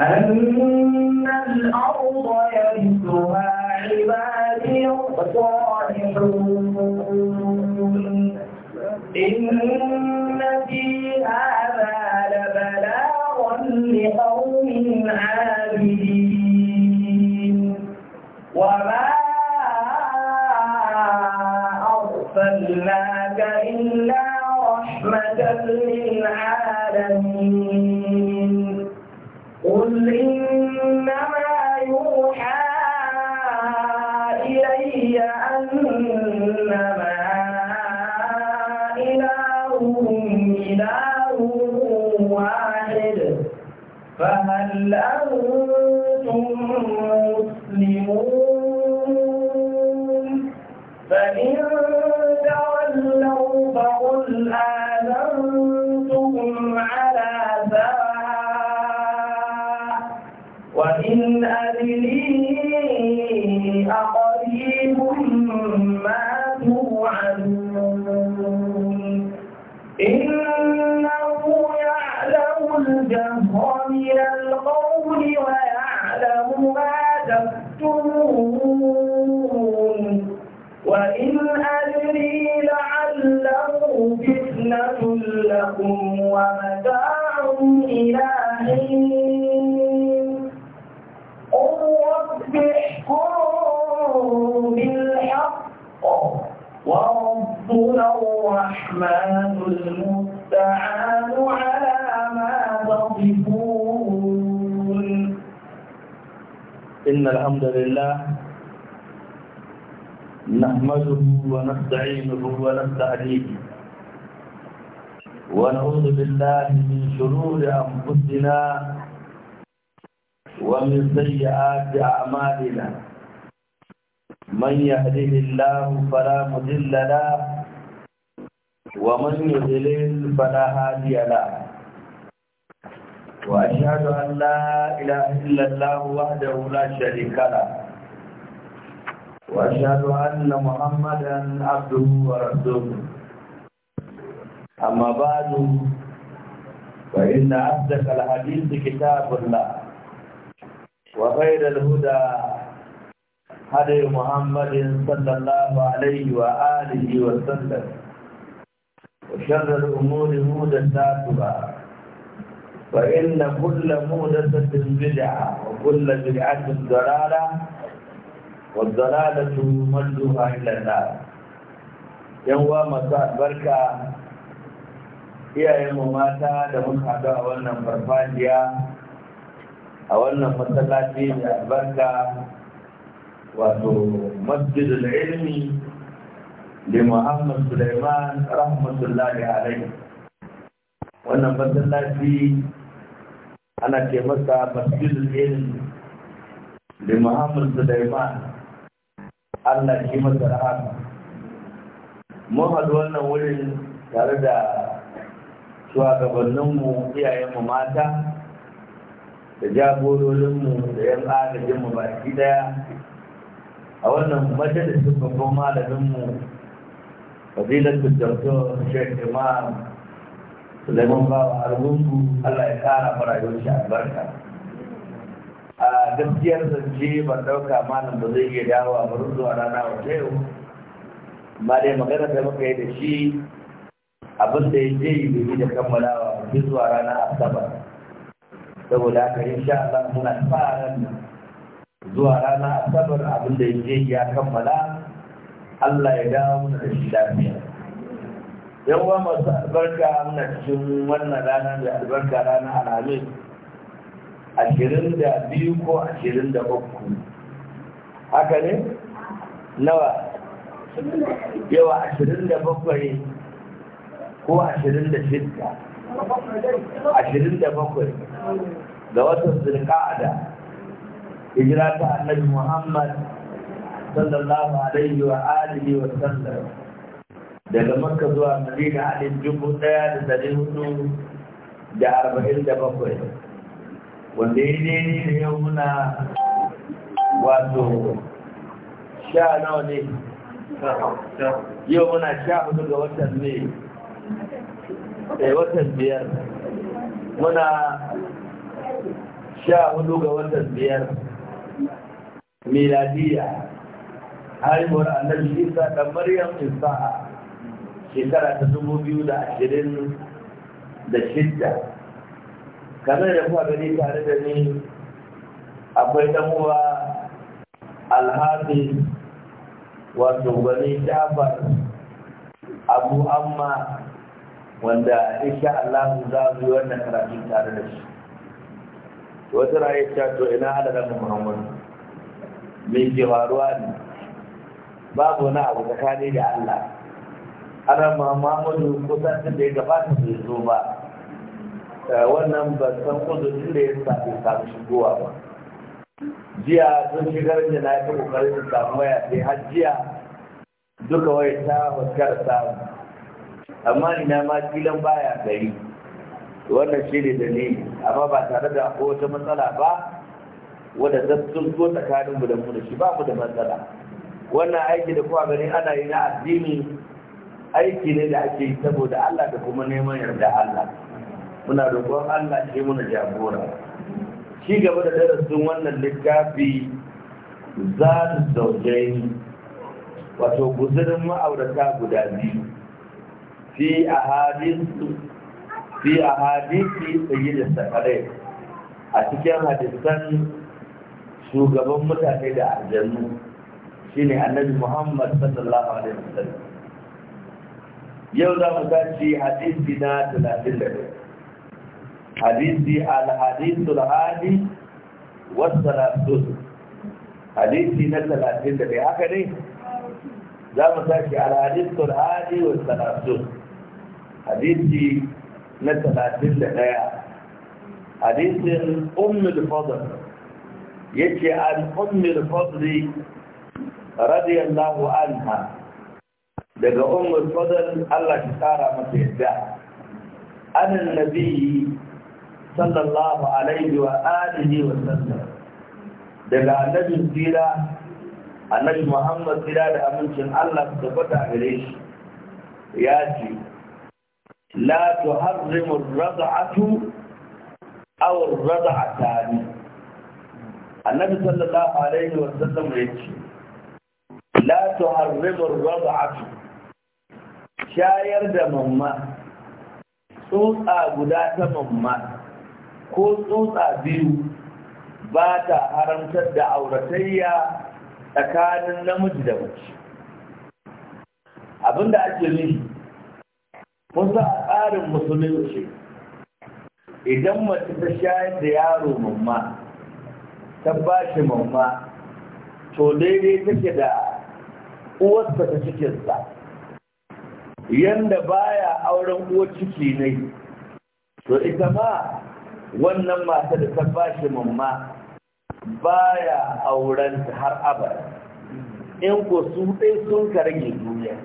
أن الأرض يرثها عبادي الصالحون إن في هذا لبلاغا لقوم عابدين وما أرسلناك إلا رحمة للعالمين قل إنما يوحى إلي أنما إلهكم إله واحد فهل أنتم مسلمون فإن تولوا فقل آمين أدري إنه يعلم الجهر من القول ويعلم ما تكتمون وإن لعله فتنة لكم ومتاع إلى حين بالحق وربنا الرحمن المستعان على ما تصفون إن الحمد لله نحمده ونستعينه ونستهديه ونعوذ بالله من شرور أنفسنا ومن سيئات أعمالنا من يهده الله فلا مضل له ومن يضلل فلا هادي له وأشهد أن لا إله إلا الله وحده لا شريك له وأشهد أن محمدا عبده ورسوله أما بعد فإن أصدق الحديث كتاب الله وخير الهدى هدي محمد صلى الله عليه وآله وسلم وشر الأمور مودساتها فإن كل مودسة بدعة وكل بدعة ضلالة والضلالة مردها إلى النار ينوى مساء بركة iyayenmu mata da muka haɗu a wannan farfajiya a wannan masallaci da albarka wato masjidul ilmi da muhammad suleiman rahmatullahi alaihi wannan masallaci ana ke masa masjidul ilmi da muhammad suleiman allah ke masa rahama mun haɗu wannan wurin tare da shugabanninmu iyayenmu mata da jagororinmu da yan agajinmu shi daya a wannan majalisun babban malaminmu fadilatul doktor sheikh imam Suleiman Bawa Argungu Allah ya kara mara shi albarka. A gaskiyar zance ban ɗauka malam ba zai iya dawowa ba zuwa rana wa yau. Amma dai magana da muka yi da shi abinda da ya je yi da kammalawa ba zuwa rana Asabar. saboda yi sha Allah muna fara zuwa rana a sabar abin da yake ya kammala Allah ya dawo mana da shi lafiya Yawwa masu albarka muna cikin wannan rana da albarka rana alhamis ashirin da biyu ko ashirin da uku haka ne nawa yawa ashirin da bakwai ko ashirin da shidda ashirin da bakwai ga watan zulqa'ada hijira ta annabi Muhammad sallallahu alaihi wa alihi wa sallam daga Makka zuwa Madina ɗin dubu ɗaya da ɗari hudu da arba'in da bakwai wanda ya daidai da yau muna wato sha nawa ne yau muna sha hudu ga watan ne eh, watan biyar muna sha hudu ga watan biyar miladiya haihuwar annabi isa da maryam isa shekara ta dubu biyu da ashirin da shidda kamar da kuwa gani tare da ni akwai dan uwa alhafi wato gani jafar abu amma wanda insha Allah za mu yi wannan karatu tare da shi wata raye ta to ina adadin muhammadu mai ke faruwa ne babu na abu tsakani da allah ana muhammadu kusan da ya gabata bai zo ba eh, wannan ban san kudurin da ya sami samu shigowa ba jiya sun shigar da na yi kokarin da samu waya sai har jiya duka waya ta fuskar samu amma ina ma filin baya gari wannan shi ne dalili amma ba tare da wata matsala ba wadda ta sulko tsakanin mu da mu da shi ba mu da matsala wannan aiki da kuma gani ana yi na addini aiki ne da ake yi saboda Allah da kuma neman yarda Allah muna roƙon Allah shi muna jagora shi gaba da darasin wannan littafi za su sauke. wato guzurin ma'aurata guda biyu fi a hadisu fi a hadisi tsaye da sakarai a cikin hadisan shugaban mutane da aljannu shine annabi muhammad sallallahu alaihi wasallam yau za mu tashi hadisi na talatin da ɗaya hadisi alhadisul hadi wasu hadisi na talatin da ɗaya haka ne za mu tashi alhadisul hadi wasu hadisi na talatin da ɗaya hadisin ummul fadl yake an ummul fadl radiyallahu anha daga ummul fadl Allah ta tsara mata yadda anan nabi sallallahu alaihi wa alihi wa sallam daga annabin tsira annabi Muhammad tsira da amincin Allah su tabbata gare shi ya ce la tuharrimu ar-rad'atu aw ar-rad'atani annabi sallallahu alaihi wa sallam yace la tuharrimu ar-rad'atu shayar da mamma tsutsa guda ta mamma ko tsutsa biyu ba ta haramtar da auratayya tsakanin namiji da mace abinda ake nufi kusa a tsarin musulunci idan mace ta shayar da yaro mamma ta ba shi mamma to daidai take da uwarsa ta cikinsa yanda baya auren uwar ciki ne to ita ma wannan mata da ta ba shi mamma baya auren har abar, in ko su ɗai sun karge rage duniya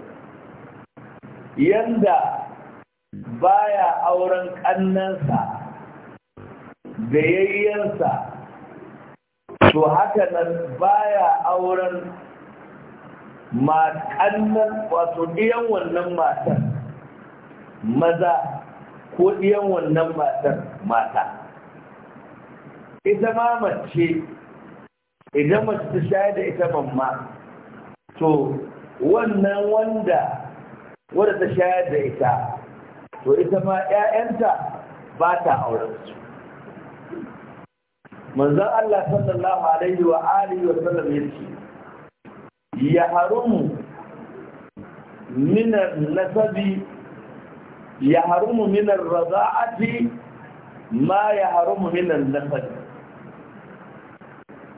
yanda baya auren ƙannansa da yayyansa to haka nan baya auren kannan wato ɗiyan wannan matan maza ko ɗiyan wannan matan mata ita ma mace idan mace ta shayar da ita mamma to wannan wanda wadda ta shayar da ita to ita ma ƴaƴanta ba ta aurensu. su manzon Allah sallallahu alaihi wa alihi wa sallam yace ya harumu min nasabi ya harumu min ar-rada'ati ma ya harumu min an-nasabi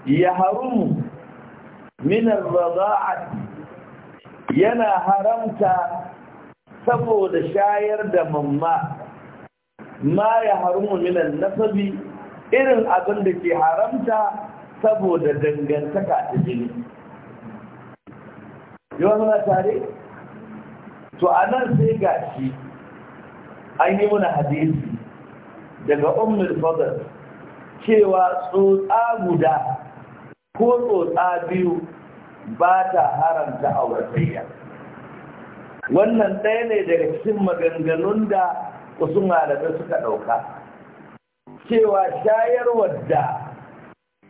ya harumu min ar-rada'ati yana haramta saboda shayar da mamma ma ya harumu minan nasabi irin abin da ke haramta saboda dangantaka ta jini yawan muna tare to a nan sai ga shi an yi muna hadisi daga umar fadar cewa tsotsa guda ko tsotsa biyu ba ta haramta wasu wannan ɗaya ne daga cikin maganganun da wasu malamai suka ɗauka cewa shayarwar da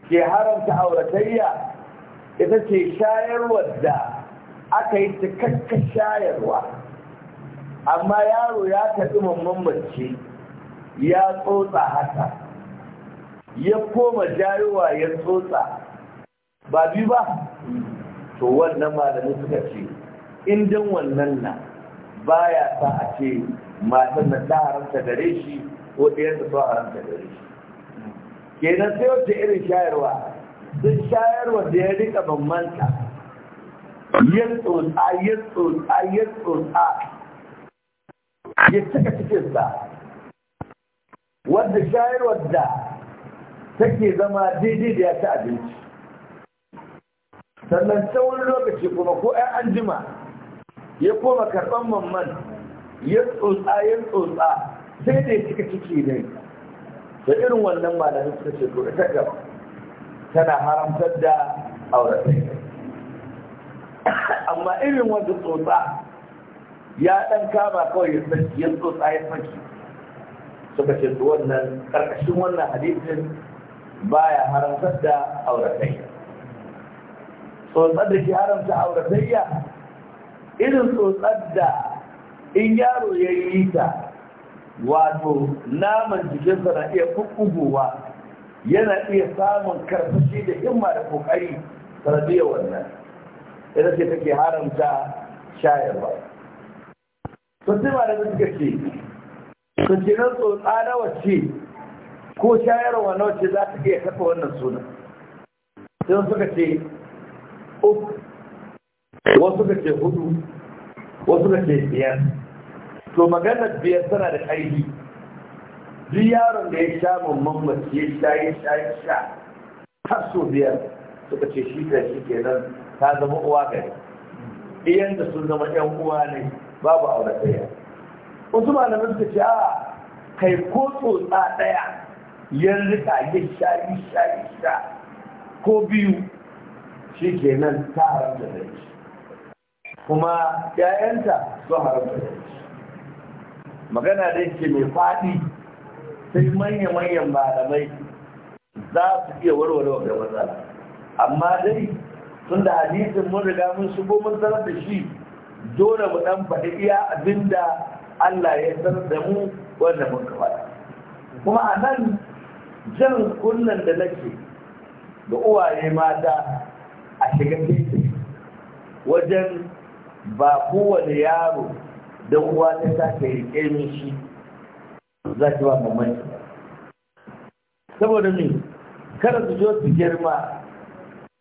ke haramta auratayya ita ce shayarwar da aka yi cikakka shayarwa amma yaro ya taɓi mamman mace ya tsotsa haka ya koma jayowa ya tsotsa ba biyu ba to wannan malamin suka ce in dan wannan na baya sa a ce matan da ta haramta gare shi ko ɗayan da ba haramta gare shi kenan sai wacce irin shayarwa duk shayarwa da ya rika bambanta ya tsotsa ya tsotsa ya tsotsa ya cika cikinsa wadda shayarwar da take zama daidai da ya ci abinci sannan tsawon lokaci kuma ko 'yan anjima ya koma karɓar mamman ya tsotsa ya tsotsa sai dai ya cika ciki ne da irin wannan malami suka ce to ita gaba tana haramtar da auratai amma irin wanda tsotsa ya ɗan kama kawai ya tsaki ya tsotsa ya tsaki suka ce to wannan ƙarƙashin wannan hadisin baya haramtar da auratayya tsotsar da ke haramta auratayya irin tsotsar da in yaro ya yi ta wato naman jikinsa na iya kukkugowa yana iya samun karfashi da himma da kokari sanadiyar wannan ita ce take haramta shayarwa sosai da suka ce kuncinan tsotsa na wacce ko shayarwa na wacce za ta iya kafa wannan suna sai suka ce uku wasu da ke hudu wasu da ke biyar to maganar biyar tana da ƙarfi duk yaron da ya sha mamman mace ya sha ya sha ya sha har so biyar suka ce shi ka shi ke nan, ta zama uwa gari iyan da sun zama yan uwa ne babu aure ɗaya wasu malamin suka ce a kai ko tsotsa ɗaya yan rika yi sha yi sha yi sha ko biyu shi ke nan ta haramta da shi kuma ‘ya'yanta su haramta magana da yake mai faɗi sai manya-manyan malamai za su iya warware wadda matsala amma dai tun da hadisin mun riga mun shigo mun sanar da shi dole mu ɗan faɗi iya abinda Allah ya san da mu wanda mun faɗa kuma a nan jan kunnan da nake da uwaye mata a shiga titi wajen ba kowane yaro da uwa ta ta ka rike min shi za ki ba mamaki saboda ne kada su zo su girma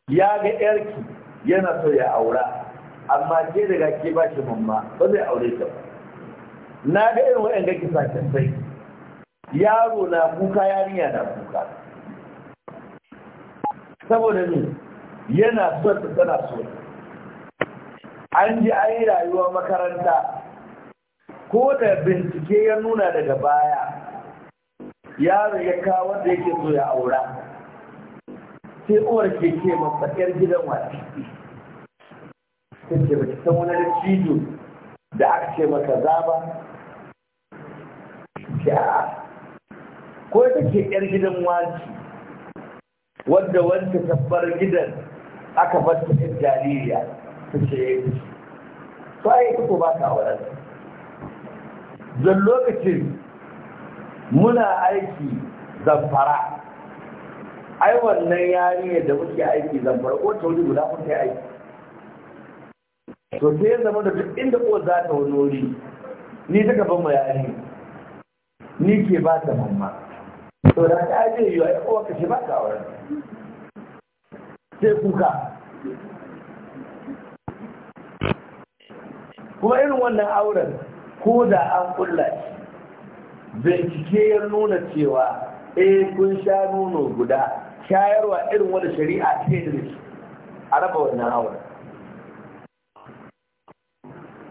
ya ga yarki yana so ya aura amma ke daga ke ba shi mamma ba zai aure ta ba na ga irin ga kisa kasai yaro na kuka yarinya na kuka saboda ne yana son ta tana so ta an ji an yi rayuwar makaranta ko da bincike ya nuna daga baya yaro ya kawo wanda yake so ya aura sai uwar ke ce mafakar gidan wasu sai ce ba san wani da da aka ce maka zaba ko ta ke yar gidan wasu wadda wanda tabbar gidan aka fasta jaririya ta ya yi to ba ta auren don lokacin muna aiki zamfara ai wannan yariya da muke aiki zamfara ko ta wuri guda muke aiki to sai zama da duk inda ko za ta wani wuri ni ta gaban ma yari ni ke ba ta mamma to da ta ajiye yiwa ya kowa kashe ba ta auren sai kuka kuma irin wannan auren ko da an kulla shi bincike ya nuna cewa eh kun sha nuno guda shayarwa irin wani shari'a ce da shi a raba wannan auren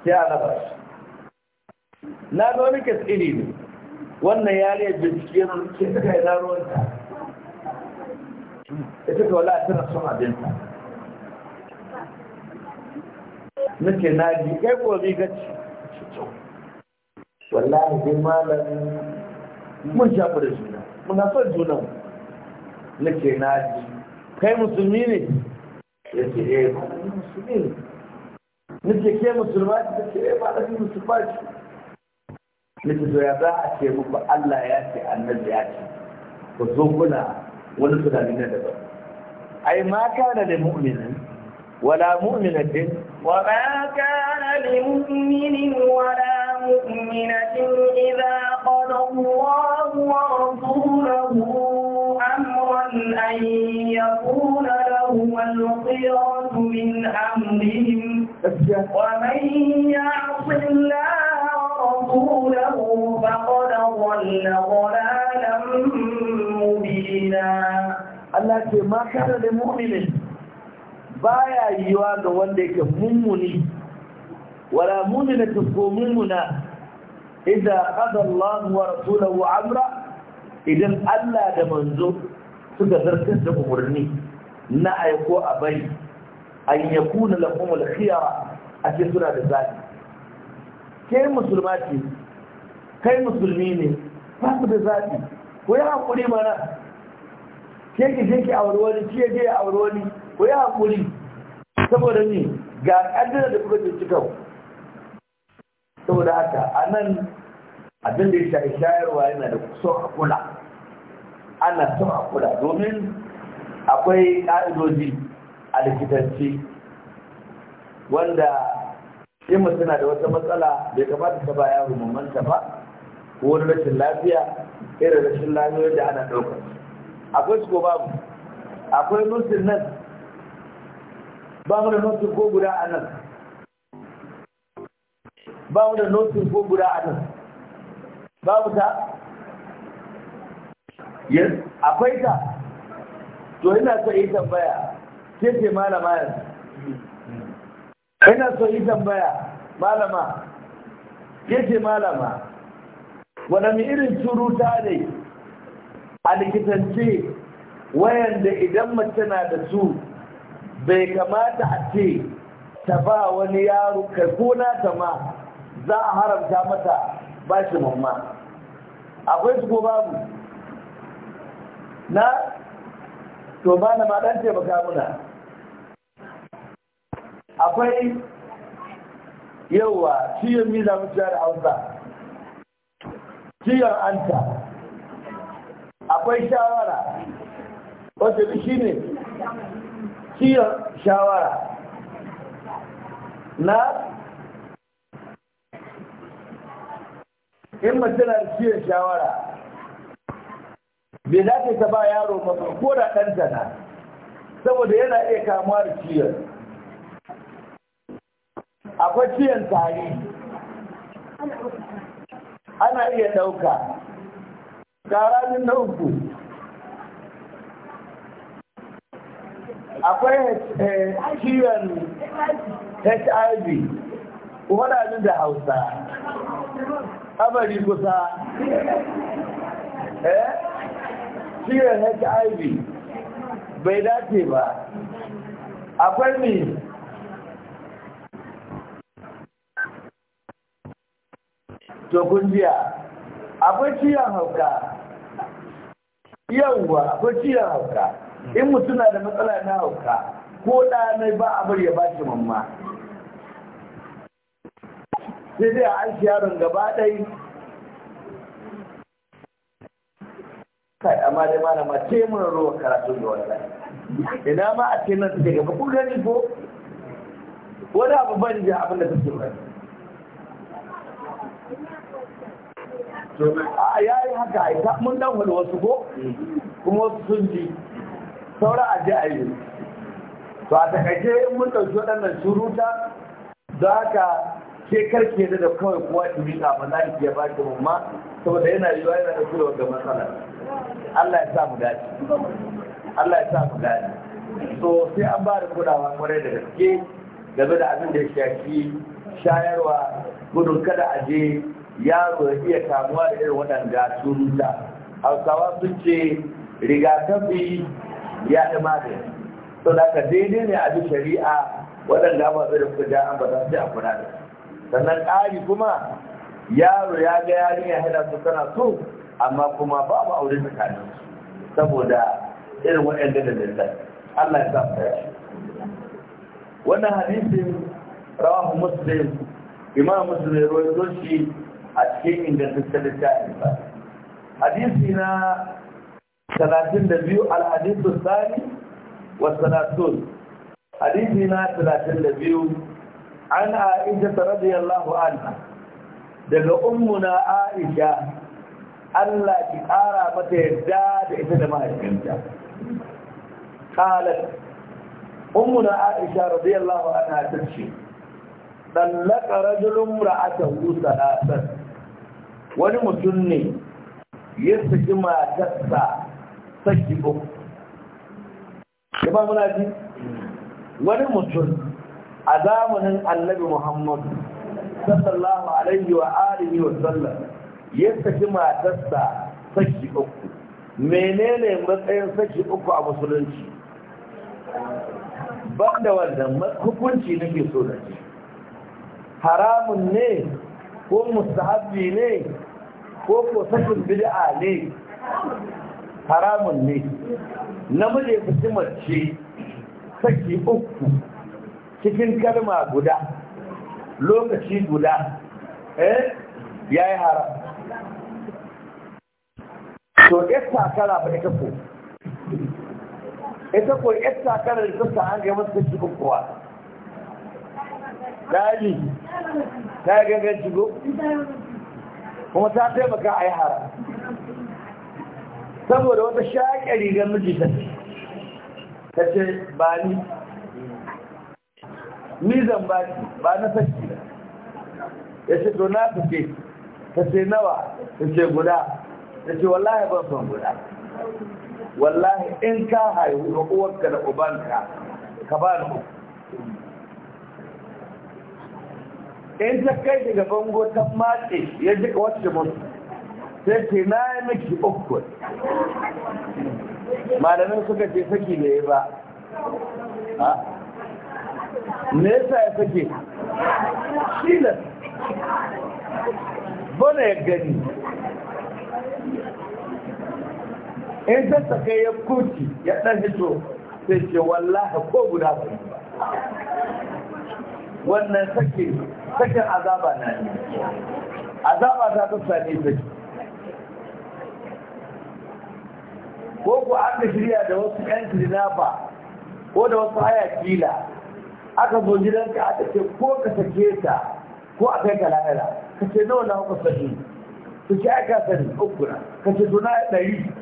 sai a raba shi na ga ka tsini ne wannan yare bincike ce ta kai na ruwanta ita ta wala tana son abinta nake na ji kai ko bi ka ci wallahi dai malam mun shafa da juna muna son juna nake na ji kai musulmi ne ya ce eh malam musulmi ne nake ke musulma ce ta ce eh malam musulma ce nake so ya za a ce muku Allah ya ce annabi ya ce ku zo kuna wani tunani na daban ai ma kana da mu'minin wala mu'minatin وما كان لمؤمن ولا مؤمنة إذا قضى الله ورسوله أمرا أن يكون له الخيرة من أمرهم ومن يعص الله ورسوله فقد ضل ضلالا مبينا الله ما كان لمؤمن baya yiwa ga wanda yake mummuni wala mu'mina ko mummuna idza qada Allah wa rasuluhu amra idan Allah da manzo suka zartar da umurni na aiko a bari an yakuna lahum al-khiyara a cikin sura da zaɓi kai musulma ce kai musulmi ne ba ku da zaɓi ko yi hakuri mana ke ki je ki auri wani ke je ya auri wani ku yi haƙuri saboda ne ga ƙaddara da kuma cikau saboda haka a nan abin da ya shayarwa yana da son a kula ana so a kula domin akwai ƙa'idoji a likitanci wanda in mutum da wata matsala bai kamata ta ba yaro manta ba ko wani rashin lafiya irin rashin lafiya da ana ɗaukar akwai su ko babu akwai musulman nan ba mu da notin ko guda a nan ba mu da notin ko guda a nan ba mu ta yes akwai ta to ina so yi tambaya ke ce malama yanzu ina so yi tambaya malama ke ce malama waɗanne irin turuta ne a likitance wayanda idan mace na da su bai kamata a ce ta ba wani yaro kai ko nata ma za a haramta mata ba shi mamma akwai su ko babu na to ba na maɗan taimaka muna akwai yauwa ciyon miza mutuwa da hausa ciyon anta akwai shawara wata shi ne kiyon shawara na in mace da shawara bai dace ta ba yaro ba ko da ɗanta na saboda yana iya kamuwa da ciyon akwai ciyon tari ana iya ɗauka ƙaramin na uku akwai ciwon hiv wadannan da hausa abari kusa eh hiv bai dace ba akwai ne tokundiya akwai ciwon hauka yawwa akwai ciwon hauka in mutum na da matsala na hauka ko da na ba a bari ya ba shi mamma sai dai a aiki yaron gaba ɗai kai amma dai malama ce mun ruwan karatu da wannan ina ma a ce nan take gaba kun gani ko wani abu ban ji abin da take bari to a yayi haka ai mun dan wasu ko kuma wasu sun ji saura a ji a to a takaice in mun ɗauki waɗannan suruta za ka ke karke da kawai kowa ɗumi ba za ki iya ba ki mamma saboda yana yiwuwa yana da kurewa ga matsala Allah ya sa mu dace Allah ya sa mu dace so sai an ba da kudawa kwarai da gaske game da abin da ya shafi shayarwa gudun kada a je yaro ya iya kamuwa da irin waɗanda suruta hausawa sun ce rigakafi ya yi magani da ka daidai ne a bi shari'a waɗanda ba zai da kuka an ba za su a kuna da sannan ƙari kuma yaro ya ga ya hada su tana so amma kuma babu aure tsakanin saboda irin waɗanda da lallai Allah ya sa mu wannan hadisin rawahu muslim imam muslim ya zoshi a cikin ingantaccen littafin ba. hadisi na da biyu, ثلاثين wa Sanatun. الثاني na حديثنا da biyu. عن عائشة رضي radiyallahu عنها daga ummuna Aisha Allah ki ƙara mata yadda da ita da mahaifinta. Kalat, ummuna Aisha radiyallahu anha ta ce, Dallaka rajulun ra'atahu salasan, wani mutum ne ya saki matarsa saki uku ba muna ji wani mutum a zamanin annabi muhammadu sallallahu alaihi wa alihi wa sallam ya saki matarsa saki uku menene matsayin saki uku a musulunci banda wannan hukunci nake so da ce. haramun ne ko musta ne ko ko sakin bid'a ne haramun ne namiji ya fi mace saki uku cikin kalma guda lokaci guda eh ya yi haram to ya takara ba ita ko ita ko ya takara da sassa an gaba saki uku kuwa dali ta yi gangan shigo kuma ta taimaka a yi haram saboda wata shaƙe rigar miji ta ce ba ni mizan ba ki ba na ba, ya ce to na ce ta ce nawa ta ce guda ta ce wallahi ban son guda wallahi in ka haihu da kowarka da ubanka ka ba ni in ta kai daga bango ta matse ya jika wacce mutu sai ce na yi miki uku malamin suka ce saki da ya ba me yasa ya sake shilas bane ya gani in ta saka ya kuci ya dan hito sai ce wallaha ko guda ba wannan sake sakin azaba na ne azaba ta ta sake ko ku an da shirya da wasu ƴan kidnapper ko da wasu haya kila aka zo gidanka aka ce ko ka sake ta ko a kai ka lahira ka ce nawa na kuka sani su ce aka sani uku na ka ce suna ɗari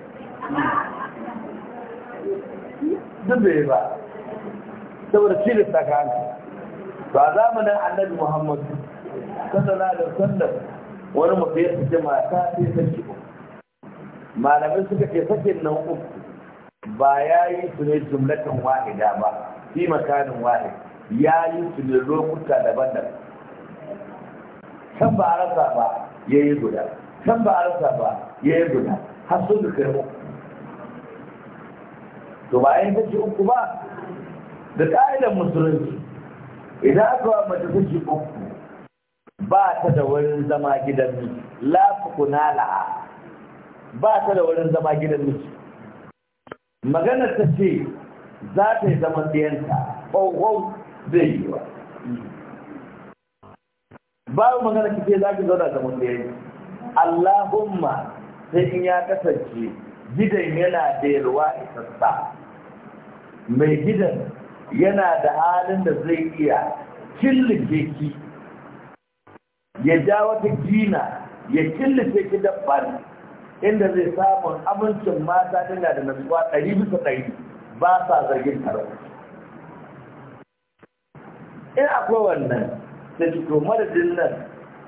duk da ba saboda cilis ta kanka ba zamanin annabi muhammadu na da wasallam wani mutum ya fice mata sai sarki uku Malamin suka ce sakin nan uku ba ya yi su ne jumlatan wahida ba fi makanin wahid ya yi su ne lokuta daban-daban can ba a rasa ba ya yi guda can ba a rasa ba ya yi guda har sun da kai uku to ba yin kashi uku ba da ƙa'idar musulunci idan aka wa mace kashi uku ba ta da wurin zama gidan la la'a. ba ta da wurin zama gidan miji maganar ta ce za ta yi zama ɗiyanta ƙwaƙwau zai yi wa babu magana kike za ki zauna zama ɗiyanki allahumma sai in ya kasance gidan yana da yalwa isassa mai gidan yana da halin da zai iya killace ki ya ja wata gina ya killace ki da ban inda zai samun amincin mata tana da nasuwa ɗari bisa ɗari ba sa zargin taron. in akwai wannan da ciko madadin nan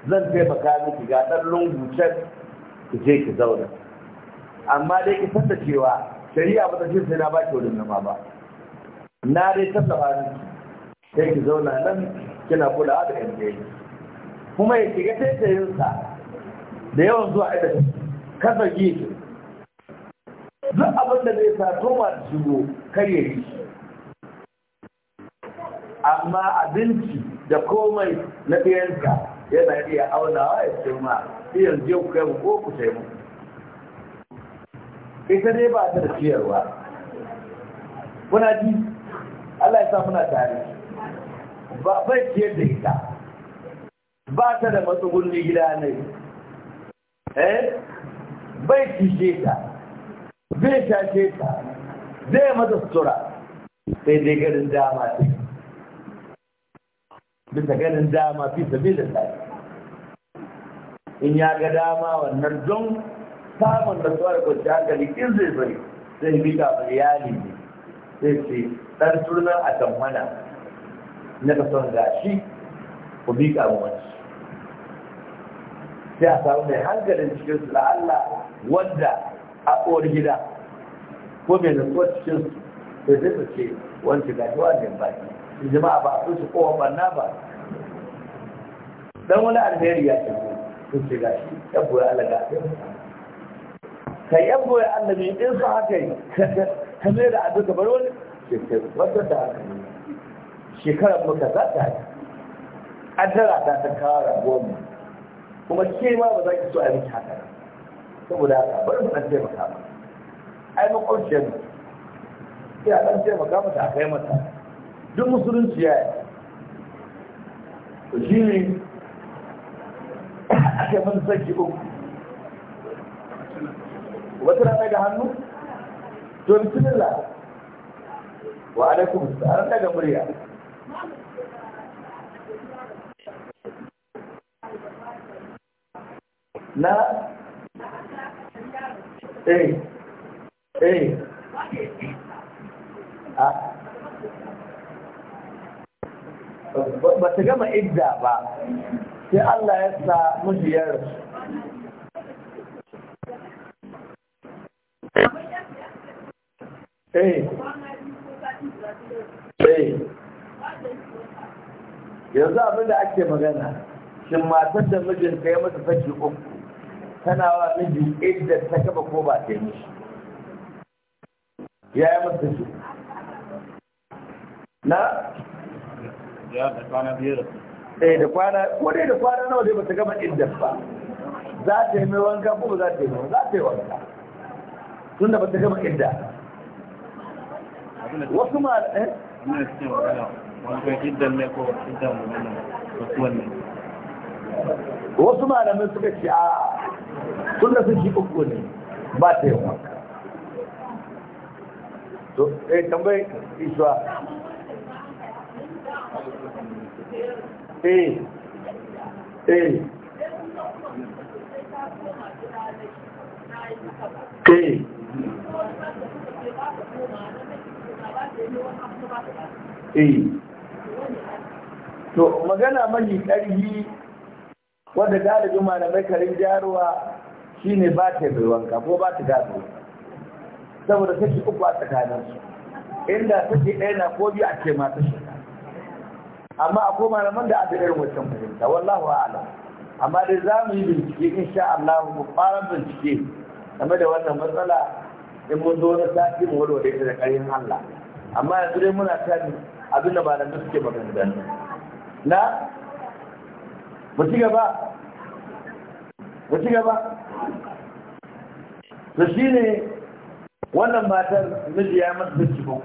zan taimaka miki ga ɗan lungu can ki je ki zauna amma dai ki san da cewa shari'a ba ta ce sai na ba ki wurin nama ba na dai tallafa miki sai ki zauna nan kina kulawa da yanzu kuma ya shiga taitayinsa da yawan zuwa inda kasa gefe duk abin da zai sa toma shigo karye yi amma abinci da komai na ɗayanka yana iya aunawa ya ce ma iya je ku kai ko ku sai mu ita dai ba ta da ciyarwa kuna ji Allah ya sa muna tare ba bai ciyar da ita ba ta da matsugunni gida ne eh bai cishe ta zai tashe ta zai mata sutura sai dai ganin dama ce bisa ganin dama fi sabi da tsari in ya ga dama wannan don samun da tsuwar kwanci hankali in zai zai zai bi ta iyali ne sai ce ɗan turna a tammana na kasan gashi ku bi ka wanci sai a samu mai hankalin cikin su da Allah wanda a ƙori gida ko mai nutsuwar cikin su sai sai ce wancan gashi wannan baki jama'a ba a so su kowa banna ba dan wani alheri ya ce sun ce gashi yan boye Allah ga ka yan boye Allah mai in su haka yi ka mai da abu ka bar wani shekaru wata da haka shekarar muka za ta yi an tara ta ta kawo rabuwar mu kuma ke ma ba za ki so a yi haka nan saboda haka bari mu ɗan taimaka ba ai makwabciyar ne sai a ɗan taimaka mata a kai mata duk musulunci ya yi shi ne a yi mun saki uku wata rana ga hannu to bismillah wa alaikum salam daga murya na eh eh ba ta gama idda ba sai Allah ya sa mujiyar eh eh yanzu abin da ake magana shin matar da mijinka ya mata fashi uku tana wa miji idda ta gaba ko ba ta yi ya yi mata su na? ya da kwana biyar eh da kwana ko dai da kwana nawa zai ba ta gama idda ba za ta yi mai wanka ko ba za ta yi mai za ta yi wanka tunda da ta gama idda wasu ma eh ne ce magana wankan iddan ne ko iddan magana wasu wannan wasu malamai suka ce a tun da sun shi uku ne ba ta yin wanka to eh tambayi iswa eh eh eh eh to magana mai ƙarfi wanda galibin malamai karin jaruwa shine ba ta mai wanka ko ba ta gado saboda take uku a tsakaninsu inda take ɗaya na ko biyu a ce ma ta shiga amma akwai malaman da aka irin wancan fahimta wallahu a'lam amma dai za mu yi bincike insha Allah mu fara bincike game da wannan matsala in mun zo na sati mu wadda ta da karin Allah amma yanzu dai muna kan abin da malamai suke magana na ku ci gaba ku ci gaba shi ne wannan matar miji ya masu saki uku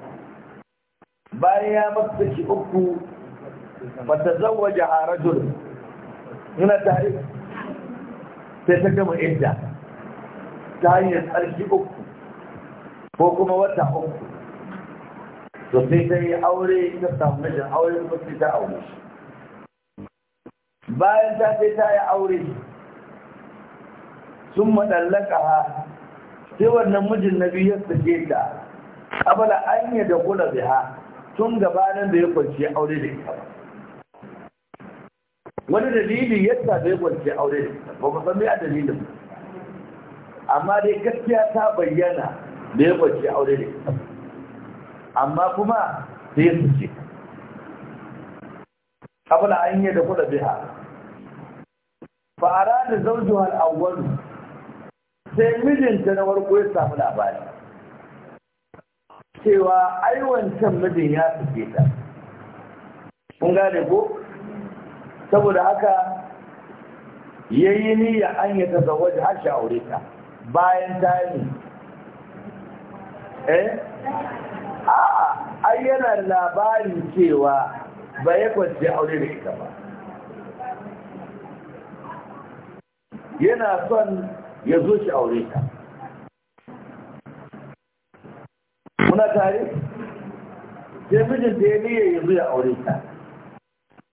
bayan ya matsaki uku ba ta zawaje a yana tare sai ta gama idda ta hanyar tsarki uku ko kuma wata uku to sai ta yi aure ta samu mijin aure kuma sai ta aure shi bayan ta ce ta yi aure sun maɗallaka ha sai wannan mijin na biyu ya sake ta abala an yi da kula ha tun gabanin da ya kwanci aure da ita wani dalili yadda da ya kwanci aure da ita ba ku san mai a dalilin amma dai gaskiya ta bayyana da ya kwanci aure da ita amma kuma sai ya sake ta قبل an yi da فأراد زوجها الأول arada تنور قويسة من sai mijinta na farko ya samu labari cewa mijin ya fice kun gane ko saboda haka yayi niyya an ya har shi aure ta bayan ta yi eh a'a ai yana labarin cewa ba ya kwanci aure da ita ba yana son ya zo shi aure ta muna tare sai mijin da ya niyya ya zo ya aure ta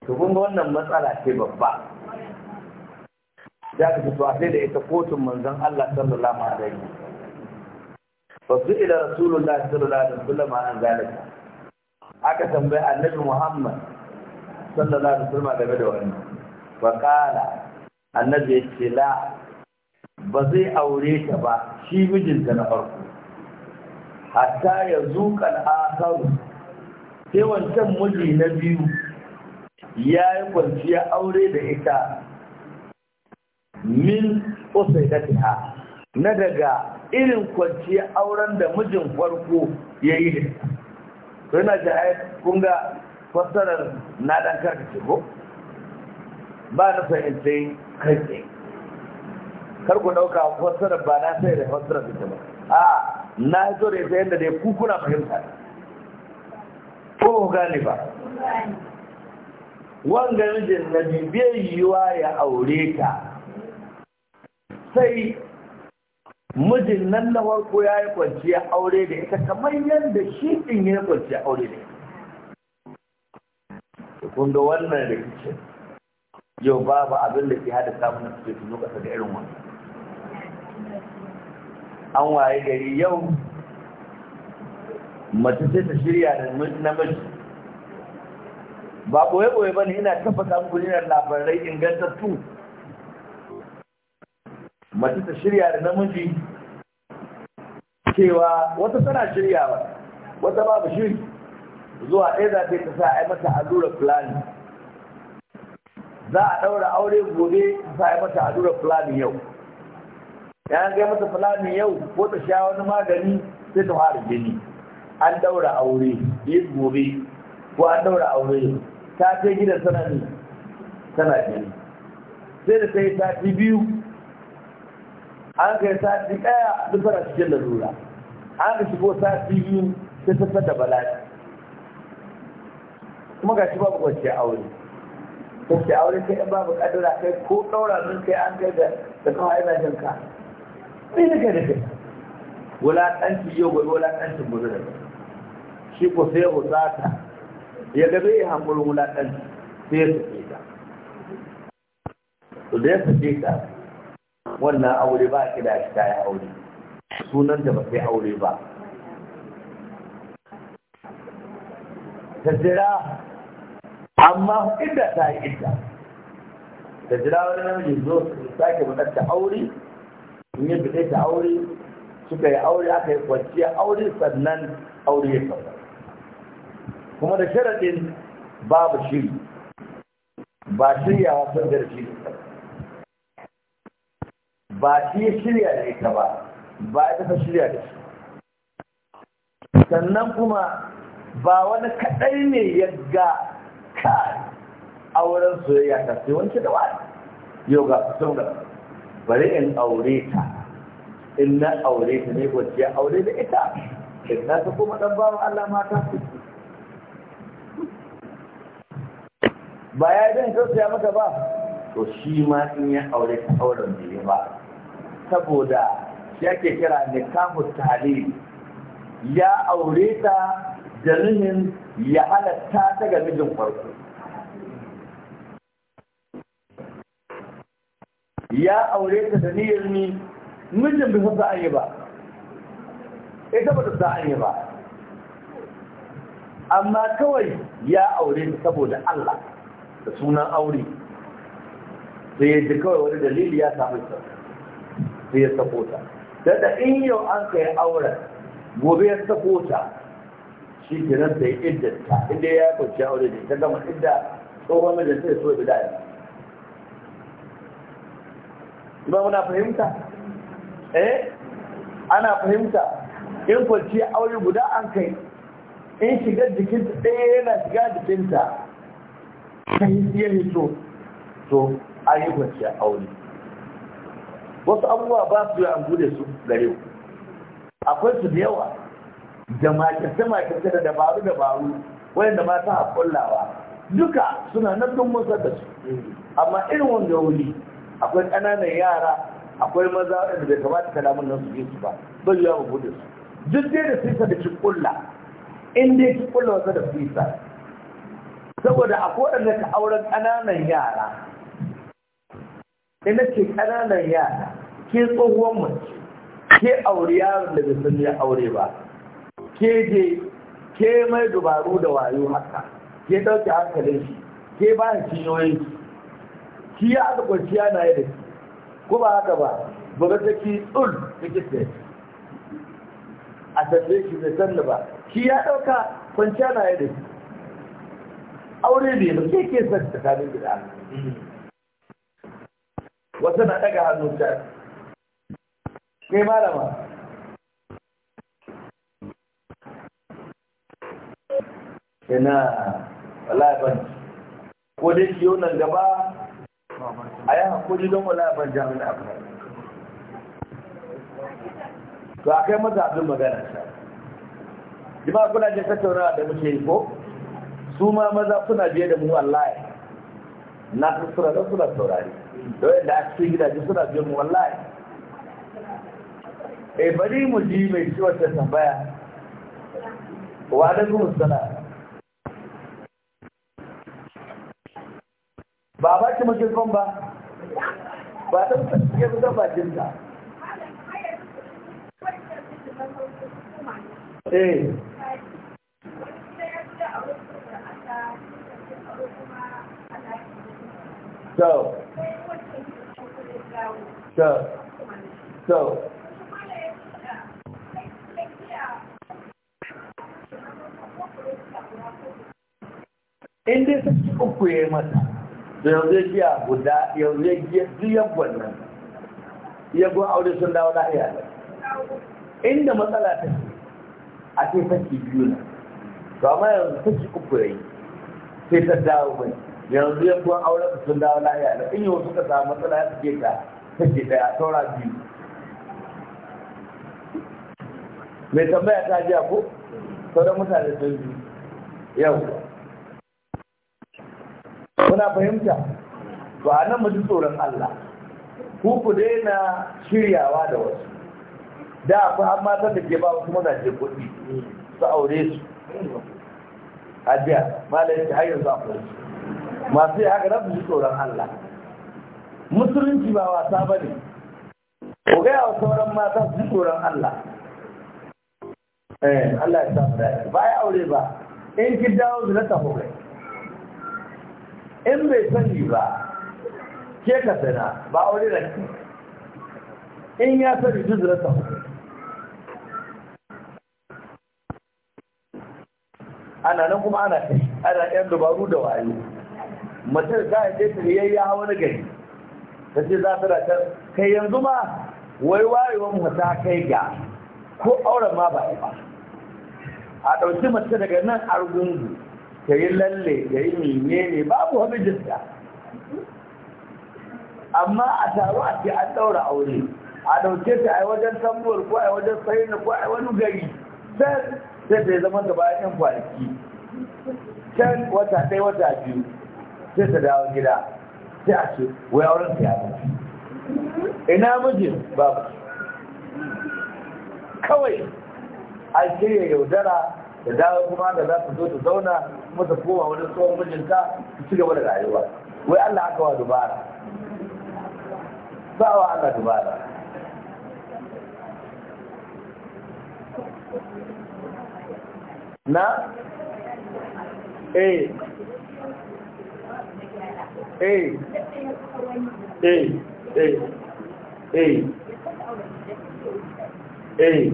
to kun wannan matsala ce babba za ka fito a sai da ita kotun manzon Allah sallallahu alaihi wasallam فسئل رسول الله صلى الله عليه وسلم عن aka tambayi annabi Muhammad sallallahu alaihi wasallam game da wani wa annabi ya ce la ba zai aure ta ba shi mijinta na farko hatta ya zuka al'akaru sai wancan miji na biyu ya yi kwanciya aure da ita min ta. na daga irin kwanciya auren da mijin farko ya yi da ita. Suna jihar kunga fassarar na karka ce ko ba na fahimtai kai karfe. kar ku ɗauka fassarar ba na sai da fassarar ita ba a na zo da ita yadda dai ku kuna fahimta ko ku gane ba wanga mijin na bai yiwa ya aure ka sai mijin nan na farko ya yi kwanciya aure da ita kamar yadda shi ɗin ya yi kwanciya aure da ita kun ga wannan rikici yau babu abin da ke hada samun suke su zo kasa da irin wannan an waye gari yau mace sai ta shirya da namiji ba ɓoye-ɓoye ba ne ina tabbata muku ne labarai ingantattu mace ta shirya da namiji cewa wata tana shiryawa ba wata babu shiri zuwa ɗaya zaɓe ta sa a yi mata allura fulani za a ɗaura aure gobe ta sa a yi mata allura fulani yau yayin ga mata fulani yau ko ta sha wani magani sai ta fara jini an ɗaura aure yi gobe ko an ɗaura aure ta ce gidan tana ne tana jini sai da ta yi sati biyu an kai sati ɗaya duk tana cikin lalura an ka shigo sati biyu sai ta da bala'i kuma ga shi babu kwanciya aure kwanciya aure sai in babu kadura kai ko daura min kai an kai da da kawai ina jin ka ni da kai da kai wulaƙanci yau gobe wulaƙancin gobe da shi ko sai husata ya gabe ya hamburin wulaƙanci sai ya sake ta to da ya sake ta wannan aure ba ki da shi ta yi aure sunan da ba sai aure ba Tattara. amma inda ta yi idda da jira wani namiji zo su sake mutar ta aure in yi fide ta aure suka yi aure aka yi kwanciya aure sannan aure ya kawo kuma da sharaɗin babu shiri ba shirya wasan da shi ba shi shirya da ita ba ba ita ta shirya da shi sannan kuma ba wani kaɗai ne ya ga auren soyayya ta sai wanke da wani yau ga saura bari in aure ta in na aure ta ne wacce ya aure da ita in na ta kuma dan bawa Allah mata su ba ya yi ya tausaya mata ba to shi ma in ya aure ta auren da ya ba saboda shi ake kira nikahu talib ya aure ta da nuhin ya halatta ta ga mijin farko ya aure ta da niyyar ni mijin bai san a yi ba ita ba ta a yi ba amma kawai ya aure ta saboda Allah da sunan aure sai ya ji kawai wani dalili ya samu sa sai ya sako ta da in yau an kai auren gobe ya sako ta shi ke nan ta idda inda ya kwanci a wurin ta gama idda tsohon mijin sai so da daya ba muna fahimta eh ana fahimta in kwanci a wurin guda an kai in jikin jikinta ɗaya yana shiga jikinta ta yi siya hito to an yi kwanci a aure wasu abubuwa ba su yi an gude su gare ku akwai su da yawa da makirce-makirce da dabaru-dabaru wayanda ma ta kullawa duka suna nan don musar da su amma irin wanda wuri akwai ƙananan yara akwai maza wanda bai kamata kalamun nan su yi su ba don ya mu bude su duk dai da sisa da cikulla in dai cikulla wasa da sisa saboda a waɗanda ka auren ƙananan yara ina ce ƙananan yara ke tsohuwan mace ke aure yaron da bai san ya aure ba ke je ke mai dubaru da wayo haka ke dauke hankalin shi ke shi cinyoyin shi ya aka kwanciya na yi da shi ko ba haka ba Ba ta ki tsul ta sai a tafiye shi zai sanda ba shi ya ɗauka kwanciya na yi da shi aure ne ba ke ke san tsakanin gida wasu na ɗaga hannun ta kai malama ina wallahi ban ko dai shi yau nan gaba a yi hakuri don wallahi ban jami'in abu to a kai mata abin magana ta jima kuna jin tattaunawa da muke yi ko su ma maza suna biye da mu wallahi na ta suna don suna saurari da wanda a cikin gidaje suna biye mu wallahi eh bari mu ji mai ciwon ta tambaya wa alaikum assalam ba a ba shi magirfan ba ba ta ya fi bakin ta so so so in dai sun uku ya mata da yanzu ya giya guda yanzu ya giya duk wannan nan yabon aure sun dawo na ne inda matsala ta ce a ce saki biyu na to amma yanzu saki uku ya sai ta dawo mai yanzu yabon aure sun dawo na ne in yau suka samu matsala ya suke ta saki daya saura biyu mai tambaya ta jiya ko sauran mutane sun biyu yau kuna fahimta to a nan mutu tsoron Allah ku ku daina shiryawa da wasu da akwai an matan da ke ba wasu mazaje kuɗi su aure su hajiya malayin ta hanyar za ku masu yi haka rabu tsoron Allah musulunci ba wasa ba ne ku gaya wa sauran mata su tsoron Allah eh, Allah ya samu daɗi ba ya aure ba in ki dawo zina ta hukai in bai sani ba ke ka sana ba aure da ke in ya sani juzura ta ana nan kuma ana kai ana yan dabaru da wayo za ta ce ta ya hawa na gari ta ce za ta ratar kai yanzu ma wai wayewar mu ta kai ga ko auren ma ba ba a ɗauki mace daga nan argungu ka yi lalle ya yi menene babu wani jinta amma a taro a ce an ɗaura aure a dauke ta a wajen tambuwar ko a wajen sayina ko a wani gari sai sai ta zama da bayan yan kwanaki can wata ɗaya wata biyu sai ta dawo gida sai a ce wai auren ta ya ina mijin babu kawai an shirya yaudara da dawo kuma da za ta zo ta zauna masa koma wani tsohon mijinta ta ci gaba da rayuwa wai Allah aka wa dubara ba wa Allah dubara na eh eh eh eh eh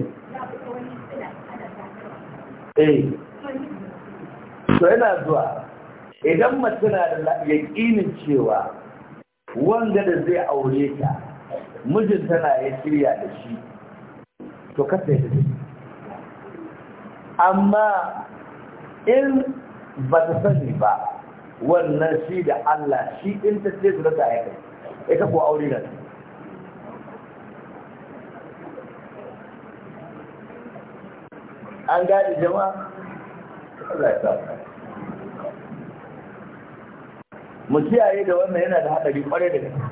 eh eh to yana zuwa idan mace na da yaƙinin cewa wanda da zai aure ta mijin tana ya shirya da shi to kasa ya amma in ba ta sani ba wannan shi da Allah shi in ta ce su rasa aikai ita ko aure da su an gaɗi jama'a? Allah ya mu kiyaye da wannan yana da haɗari kware da gaske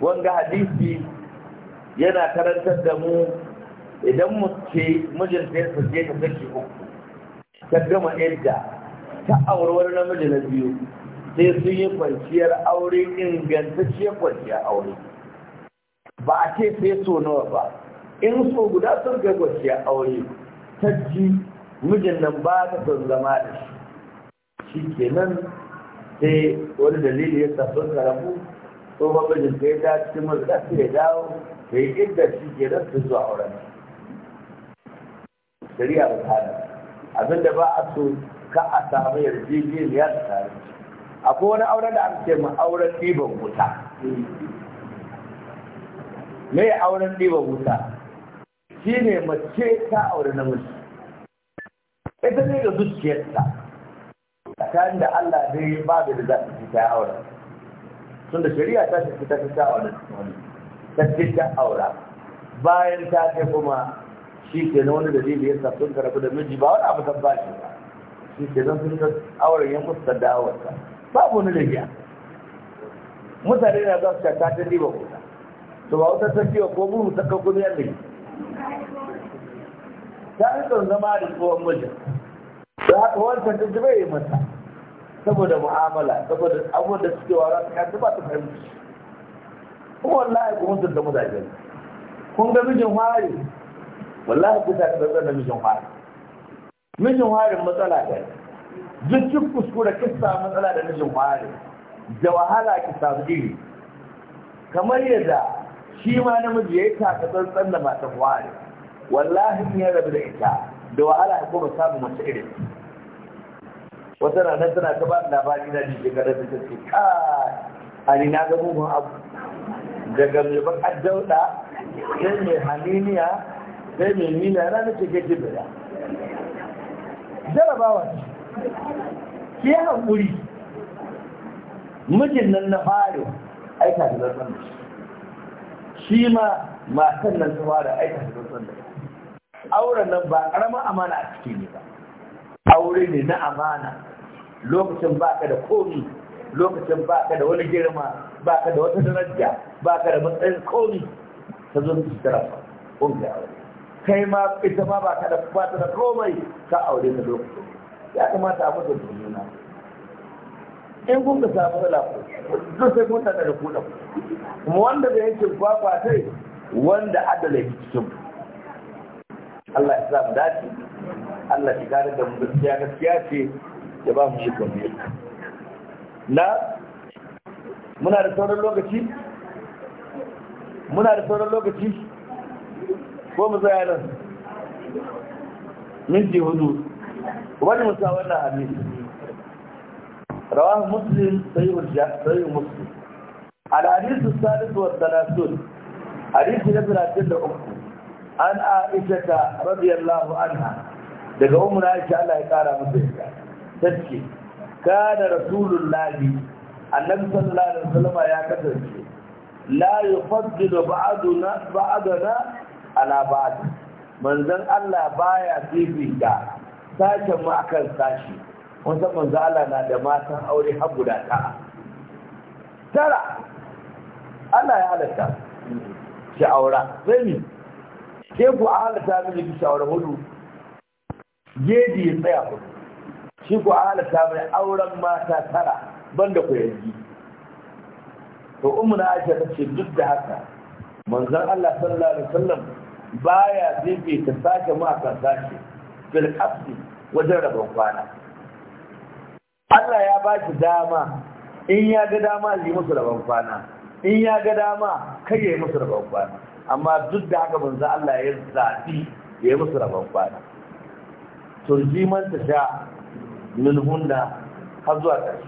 wanga hadisi yana karantar da mu idan mu ce mijinta ya je ta saki uku ta gama yadda ta auri wani namiji na biyu sai sun yi kwanciyar aure ingantacciyar kwanciyar aure ba a ce sai so nawa ba in so guda sun kai kwanciyar aure ta ji mijin nan ba ta son zama da shi shi kenan sai wani dalili ya tafi karamu ko mamajin ka ya da cikin mazuka su ya dawo da yi inda shi ke nan su zuwa auren shari'a ba ta abin abinda ba a so ka a samu yarjejeniya da tare akwai wani auren da aka ce ma auren ɗiban wuta me auren ɗiban wuta shi ne mace ta aure namiji ita ne da zuciyarta tsakanin da Allah dai babu da za su ci ta aure tun da shari'a ta ce ta ci a wani ta ta aura bayan ta ce kuma shi ke na wani dalili ya sa sun karabu da miji ba wani abu ta ba shi ba shi ke zan sun auren ya kusa da awarsa babu wani lafiya mutane na za su shaka ta riba kusa to ba wata ta ciwo ko buru ta kakku ne yadda ta tsoron zama da tsohon mijin da haka wancan ɗin bai yi mata saboda mu'amala saboda abubuwan da suke wara ta kanta ba ta fahimci kuma wallahi ku mutum da mazajen kun ga mijin hwari wallahi ku ta ɗaukar da mijin hwari mijin hwarin matsala ɗaya duk cin kuskure kista matsala da mijin hwari da wahala ki samu iri kamar yadda shi ma namiji ya yi taka tsantsan da matan hwari wallahi in ya rabu da ita da wahala ya kuma samu mace irin wata rana tana ta ba labari na jike kada ta ce kai ani na ga mugun abu daga mai bakar dauda sai mai haniniya sai mai nila ranar ce ke jibira jarabawa ce ke haƙuri mijin nan na fari aika da zarfan da shi ma matan nan ta fara aika da zarfan da auren nan ba ƙaramin amana a cikin ne ba aure ne na amana lokacin ba ka da komi lokacin ba ka da wani girma ba ka da wata daraja ba ka da matsayin komi ta zo su tara ba kun ga aure kai ma ita ma ba ka da ba ta da komai ka aure ta lokacin ya kamata a mutu juna in kun ka samu matsala ko duk sai kun tada da ku da kuma wanda da yake kwakwa sai wanda adala yake cikin Allah ya sa mu dace Allah ya gane da mu gaskiya gaskiya ce ya ba mu ikon biyu na muna da sauran lokaci muna da sauran lokaci ko mu tsaya nan minti hudu wani musa wannan hadisi rawahu muslim sayyid sayyid muslim al hadith as-salis wa thalathun hadith na uku. an aisha radiyallahu anha daga ummu aisha Allah ya kara masa yarda tace kana rasulullahi annabi sallallahu alaihi wasallam ya kasance la yufaddilu ba'duna ba'dana ala ba'd manzon Allah baya fifita sake mu akan sashi wanda manzon Allah na da matan aure har guda ta tara Allah ya halatta shi aura sai ni ke ku a halatta miki shawara hudu gedi ya tsaya hudu shi ku an mai auren mata tara banda ku yanzu to ummu na aisha ta ce duk da haka manzon Allah sallallahu alaihi wasallam baya zai ta sake ma kan sake fil qasdi wajen rabon kwana Allah ya ba shi dama in ya ga dama yi musu rabon kwana in ya ga dama kai ya yi musu rabon kwana amma duk da haka manzo Allah ya zaɓi ya yi musu rabon kwana turjiman ta sha min hunna har zuwa ƙarshe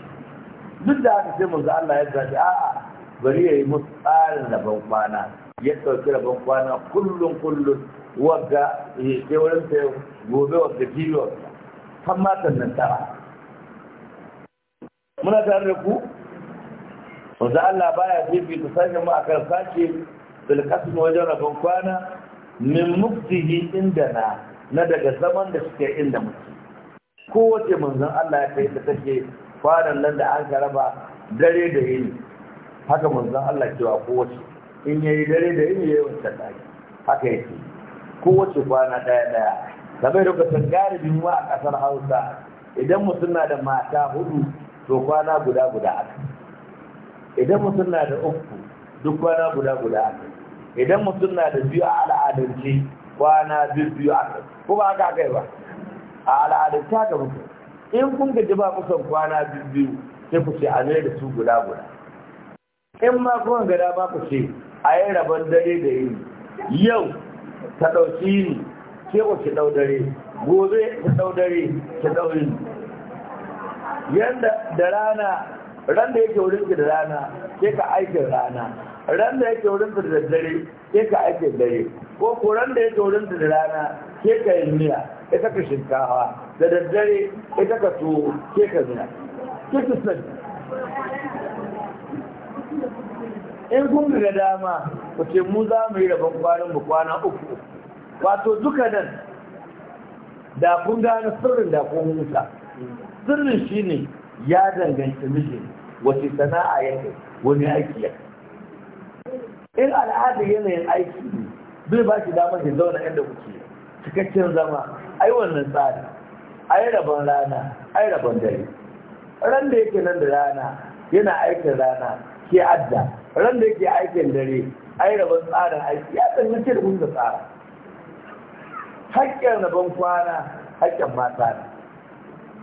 duk da haka sai manzo Allah ya zaɓi a'a bari ya yi musu tsarin rabon kwana ya ɗauki rabon kwana kullum kullum wagga ya ke wurin ta gobe wagga jibi wagga har matan nan tara muna tare da ku manzo Allah baya jibi ta sashen mu a karsace bilkasin wajen rabon kwana min muktihi inda na na daga zaman da suke inda mutum kowace manzan Allah ya kai ta take kwanan nan da an raba dare da yini haka manzan Allah cewa kowace in yayi dare da yini yayi wancan daki haka yake kowace kwana daya daya kamar da kusan garibin wa a kasar Hausa idan mutum na da mata hudu to kwana guda guda aka idan mutum na da uku duk kwana guda guda aka idan mutum na da biyu a al'adance kwana biyu biyu aka ko ba haka aka kai ba a al'adanta ga mutum in kun gaji ba kusan kwana biyu sai ku ce a zai da su guda guda in ma kuma gada ba ku ce a yi rabon dare da yi yau ta ɗauki ni, sai ku ki ɗau dare gobe ta ɗau dare ki ɗau yini yanda da rana ran da yake wurin da rana sai ka aikin rana ran da yake wurin da dare sai ka aikin dare ko ko ran da yake wurin da rana sai ka yi miya ita ka shinkawa da daddare ita ka tuwo ke ka zina sani in kun ga dama ku ce mu za mu yi rabon kwanan mu kwana uku wato duka nan da kun gane sirrin da kun musa sirrin shine ya danganci miji wace sana'a yake wani aiki ya in al'adar yanayin aiki ne zai ba shi damar da zauna inda kuke cikakken zama ai wannan tsari ai rabon rana ai rabon dare ran da yake nan da rana yana aikin rana ke adda ran da yake aikin dare ai rabon tsarin aiki ya san ce da mutum tsara haƙƙin rabon kwana haƙƙin mata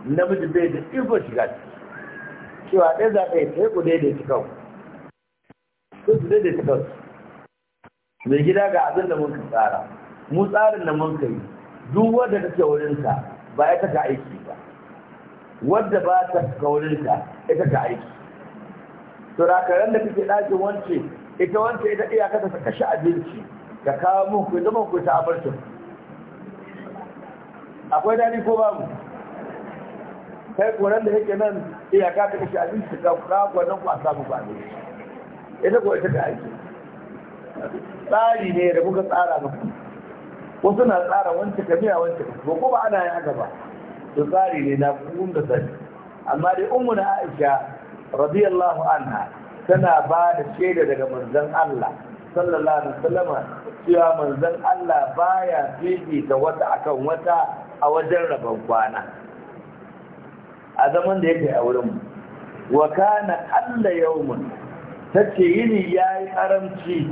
ne namiji bai da ikon shiga ciki cewa ɗaya za ka yi sai ku daidaita kau su daidai ta kau mai gida ga abin da mun ka tsara mu tsarin da mun ka yi duk wanda take wurinka ba ita ta aiki ba wanda ba ta ka wurinka ita ta aiki to rakaran da kake daki wance ita wance ita iyaka ta kashe abinci ka kawo mun ku zama ku ta abarcin akwai dani ko babu kai koran da yake nan iyaka ta kashe abinci ka kawo gwanon ku a samu ba ne ita ko ita ta aiki tsari ne da kuka tsara maka wasu na tsara wancan ka biya wancan ka ko ko ba ana yin haka ba to tsari ne na kun da sani amma dai ummu na Aisha radiyallahu anha tana ba da shaida daga manzon Allah sallallahu alaihi wasallama cewa manzon Allah baya fifita wata akan wata a wajen rabon kwana a zaman da yake a wurin wa kana alla yawmun tace yini yayi karamci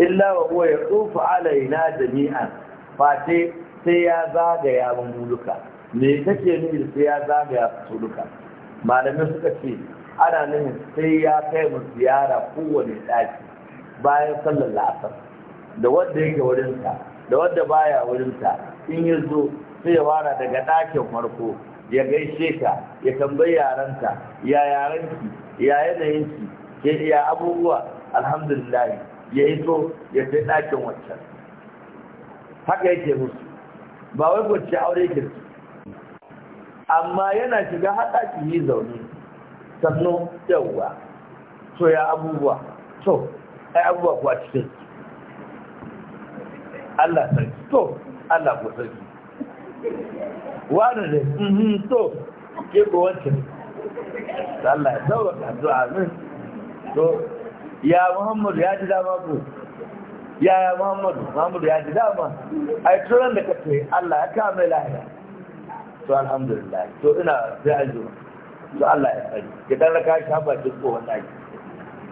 illa wa huwa yaqufu alaina jami'an face sai ya zagaya muluka me kake nufi sai ya zagaya su malamai suka ce ana nufin sai ya kai mu ziyara kowane ɗaki bayan sallar la'asar da wanda yake wurinta da wanda baya wurinta in ya zo sai ya fara daga ɗakin farko ya gaishe ka ya tambayi yaranta ya yaranki ya yanayinki ke abubuwa alhamdulillah ya iso ya sai ɗakin waccan haka yake musu ba wai kwace aure yake amma yana shiga haɗa yi zaune sannu yauwa to ya abubuwa to ai abubuwa kuwa cikin Allah sarki to Allah ko sarki wani ne mhm to ke ko Allah ya ka zuwa min to ya Muhammadu ya ji dama ku yaya muhammadu muhammadu ya ji dama a yi turan da kafe allah ya kame mai to alhamdulillah to ina zai an juma to allah ya tsari ya dan raka shi haɓa duk ko wani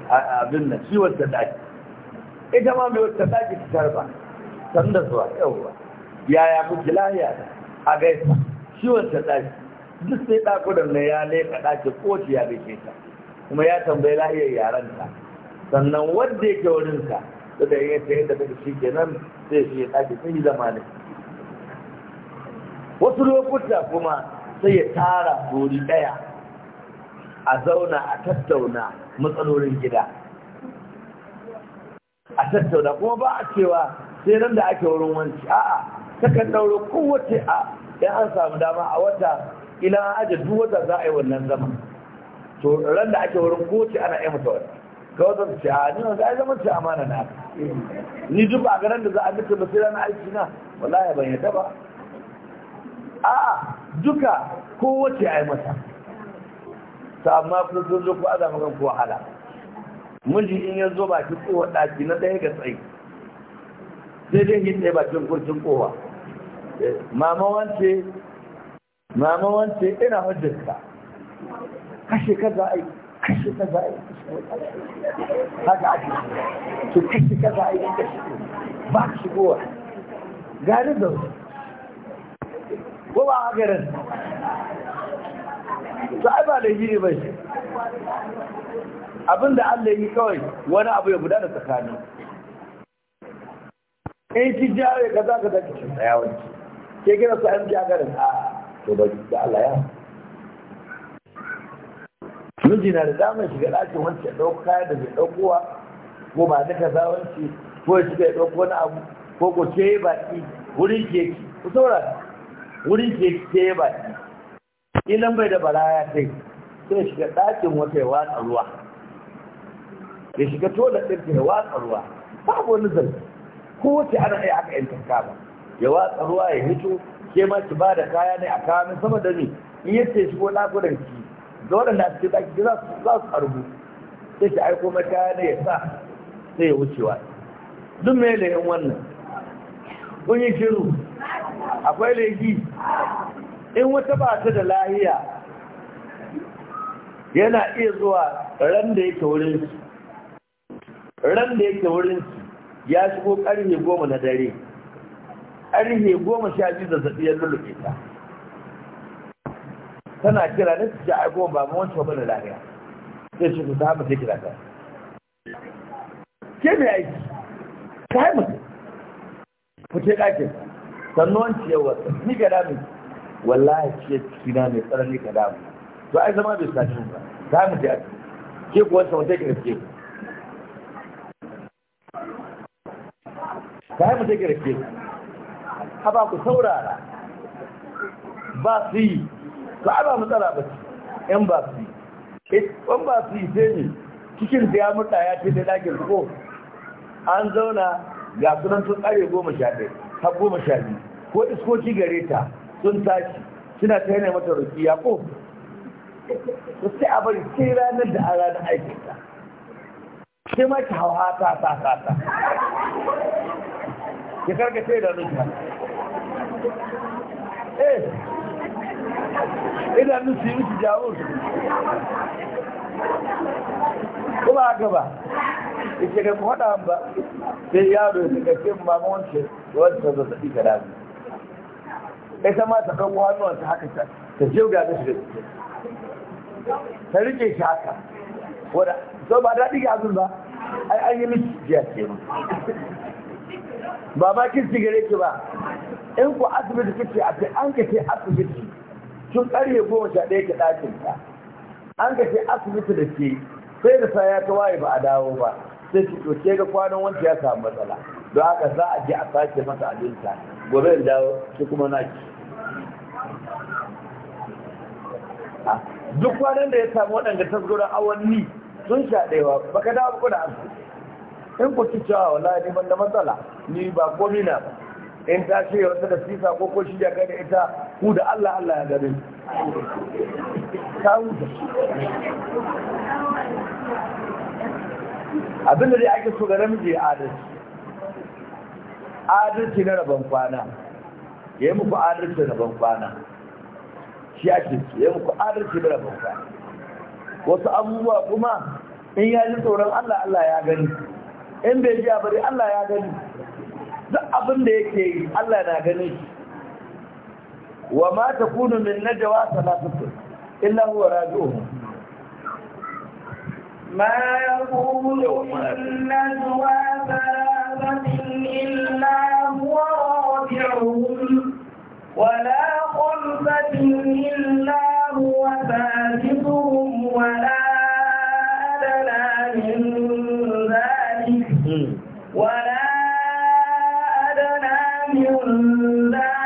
a abin nan shi wata ɗaki ita ma mai wata ɗaki ta tarba san da zuwa yawwa yaya kuke lahiya a gaisa shi wata ɗaki duk sai ɗakunan na ya leka ɗaki ko ya gaishe ta kuma ya tambayi lahiyar ta sannan wadda yake wurinsa da da yin ta yadda take shi kenan sai shi ya tashi sai yi zama ne wasu lokuta kuma sai ya tara gori ɗaya a zauna a tattauna matsalolin gida a tattauna kuma ba a cewa sai nan da ake wurin wanci a'a takan dauro kowace a yan an samu dama a wata ila aje duk wata za a yi wannan zama to ran da ake wurin kowace ana yi mata wata kawai ce a ni wanda ya zama ce amana na ni duk a garin da za a duka basira sai aiki na wallahi ban yadda ba a duka kowace yi mata ta amma kuma sun zo ku zama kan ku hala miji in ya zo baki kowa ɗaki na ɗaya ga tsayi sai dai hin ɗaya bakin kurcin kowa eh, mama wance mama wance ina hujjarka kashe kaza ai kashe kaza ai haka ake to kashi kasa ba ka shigowa gari da wasu ko ba ai ba da ne abinda Allah yi kawai wani abu ya tsakani in ki jawo ke gina su a a a to da Allah ya miji na da damar shiga ɗakin wancan ya ɗauko kaya da bai ɗaukowa ko ba da kaza ko ya shiga ya ɗauko wani abu ko ko ce ya baƙi wurin keki ku saurara wurin keki ce ya baƙi Idan bai da baraya kai sai shiga ɗakin wata ya watsa ruwa ya shiga tola ɗin ya watsa ruwa babu wani zargi ko wace ana iya aka yantar kama ya watsa ruwa ya hito ke ma ki ba da kaya ne a kawo sama da ni in yace shigo na ki da waɗanda a cikin ɗaki za su za su harbu sai shi aiko mata ne ya sa sai ya wucewa duk mai yin wannan kun yi shiru akwai laifi in wata ba ta da lahiya yana iya zuwa ran da yake wurin ran da yake wurin ya shigo ƙarfe goma na dare ƙarfe goma sha biyu da zaɓi ya lullufe ta tana kira ne su ce a goma ba wancan bane lafiya sai shi su ta hama sai kira ta ke mai aiki ka yi mutu fice ɗakin sannan ciyarwar ni ga damu wallahi ce cikina mai tsanani ga damu to ai zama bai sa ba ta mu ta ke kuwa sau ta kirke ta mu ta kirke a ba ku saurara ba su yi ba a ba matsala ba ce yan ba su yi yan eh, ba su yi sai ne cikin da ya murta ya ce da ɗakin ko an zauna ga sunan sun tsare goma sha ɗaya har goma sha biyu ko iskoci gare ta sun tashi suna ta yana mata ya ko sai a bari sai ranar da a ranar aikinta sai ma ki hauha ta ta ta ta ki karkace da nuka eh idanun su yi miki jawo ko ba haka ba ita ga faɗa ba sai yaro ya ga ce ma wance da wata ta zaɓi ka dami kai sama ta kan hannuwa ta haka ta ta ga da shi ta rike shi haka wadda so ba daɗi ga azun ba ai an yi miki jiya ce ba ba kin sigare ki ba in ku asibiti kice a an ka ce asibiti tun ƙarfe goma sha ɗaya ke ɗakin ta an ka asibiti da ke sai da sa ya ta waye ba a dawo ba sai ki to ga kwanan wanda ya samu matsala don haka za a je a sake masa abinta gobe da dawo ki kuma naki ah, duk kwanan da ya samu waɗanda tasgoron awanni sun sha ɗewa ba ka dawo kuna asibiti in ku ci cewa ah, wala ni ban da matsala ni ba komi na ba in ta ce wata da sisa ko ko shi gani ita ku da Allah Allah ya gare abinda dai ake so ga namiji adalci adalci na rabon kwana ya yi muku adalci rabon kwana shi ake ya yi muku adalci na rabon kwana wasu abubuwa kuma in ya ji tsoron Allah Allah ya gani in bai ji a bari Allah ya gani duk abin da yake yi Allah na gani وما تكون من نجوى ثلاثة إلا هو راجوه ما يكون من نجوى ثلاثة إلا هو راجعهم ولا خلفة إلا هو ثالثهم ولا أدنى من ذلك ولا أدنى من ذلك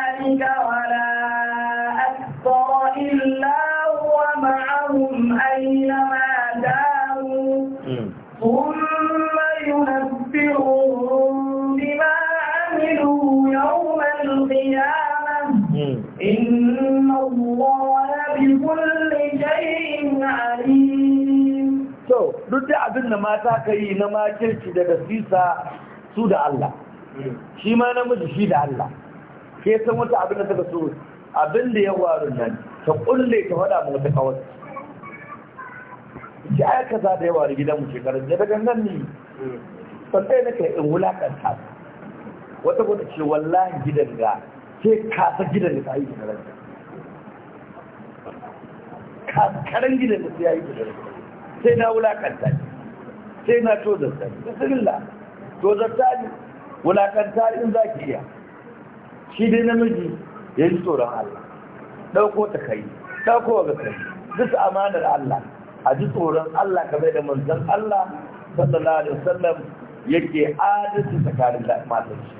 ثم ينبئهم بما عملوا يوم القيامة إن الله بكل شيء عليم so duk da abin da mata ka yi na makirci daga sisa su da Allah mm. shi ma namiji shi da Allah ke san wata abin da ta so abin da ya waru nan ta kulle ta faɗa ma ta kawai ki ai kaza da yawa da gidanmu shekarun da daga nan ne san ɗaya nake in wulaƙanta. wata gwada ce wallahi gidan ga ke kasa gidan da ta yi shekarun karan gidan da ta yi shekarun sai na wulaƙanta ne, sai na to da sai bismillah to da ta ne Wulaƙanta in za ki iya shi dai namiji ya yi tsoron Allah ɗauko ta kai ɗauko ga kai duk amanar Allah a ji tsoron Allah kamar da manzon Allah sallallahu alaihi wasallam yake adalci tsakanin matan shi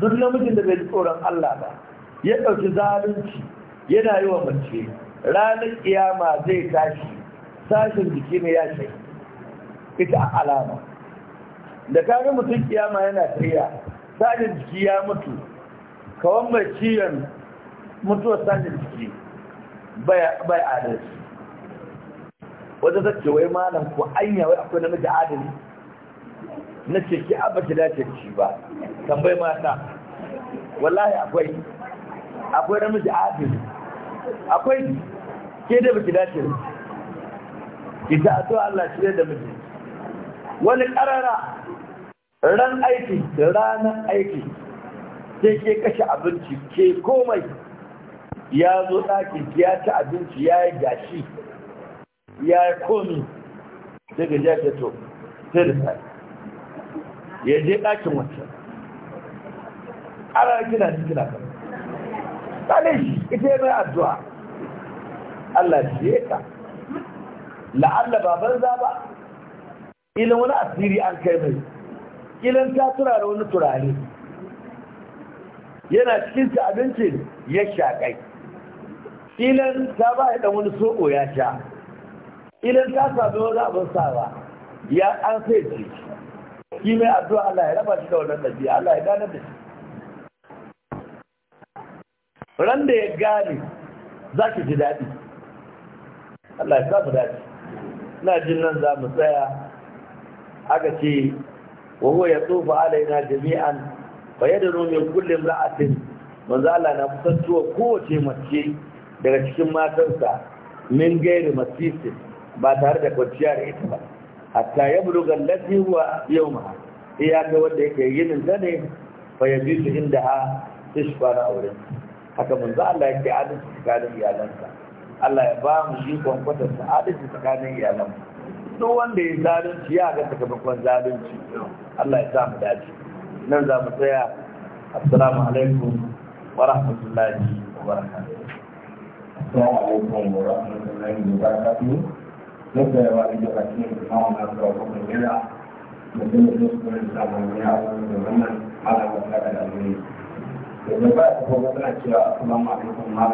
duk namijin da bai ji tsoron Allah ba ya ɗauki zalunci yana yi wa mace ranar kiyama zai tashi sashin jiki ne ya shai ita alama da kare mutum kiyama yana tsaya sashin jiki ya mutu kawan mai ciyon mutuwar sashin jiki bai adalci wata zace wai malam ko anya wai akwai namiji adali na ce ki a baki dace ci ba tambayi mata wallahi akwai akwai namiji adali akwai ke da baki dace ki ta so Allah shi da miji wani karara ran aiki da ranar aiki sai ke kashe abinci ke komai ya zo ɗakin ya ci abinci ya yi gashi ya yi komi daga jafi to sai da sai ya je ɗakin wancan ƙarar kina shi kina kan tsanin shi ita yi mai addu'a Allah shi ya ka la'alla ba za ba ilin wani asiri an kai mai ilin ta da wani turare yana cikin ta abincin ya shaƙai ilin ta ba ya ɗan wani soɓo ya sha idan ta sami wani abin sawa ya an sai ce shi mai addu'a Allah ya raba shi da wannan ɗabi'a Allah ya gane da shi ran da ya gane za ki ji daɗi Allah ya samu daɗi ina jin nan za mu tsaya aka ce wa ya tsofa alaina jami'an fa yadda nomi kullum ra'atin manzo Allah na kusantuwa kowace mace daga cikin matarsa min gairi masifin. ba tare da kwanciya da ita ba hatta ya buluga ladi wa yau ma ga wanda yake yinin ta ne fa ya bi su inda ha ishfa na aure. haka za Allah yake adalci tsakanin iyalansa Allah ya ba mu shi kwankwatar sa adalci tsakanin iyalanmu duk wanda ya zalunci ya ga sakamakon zalunci Allah ya sa mu dace nan za mu tsaya assalamu alaikum wa rahmatullahi wa barakatuh assalamu alaikum wa rahmatullahi wa barakatuh nufin ya wani da bakin da kawo na zuwa kuma yana da zai da su kuma da samun ya wani da wannan ala matsala da ne. Da ba a kuma tana cewa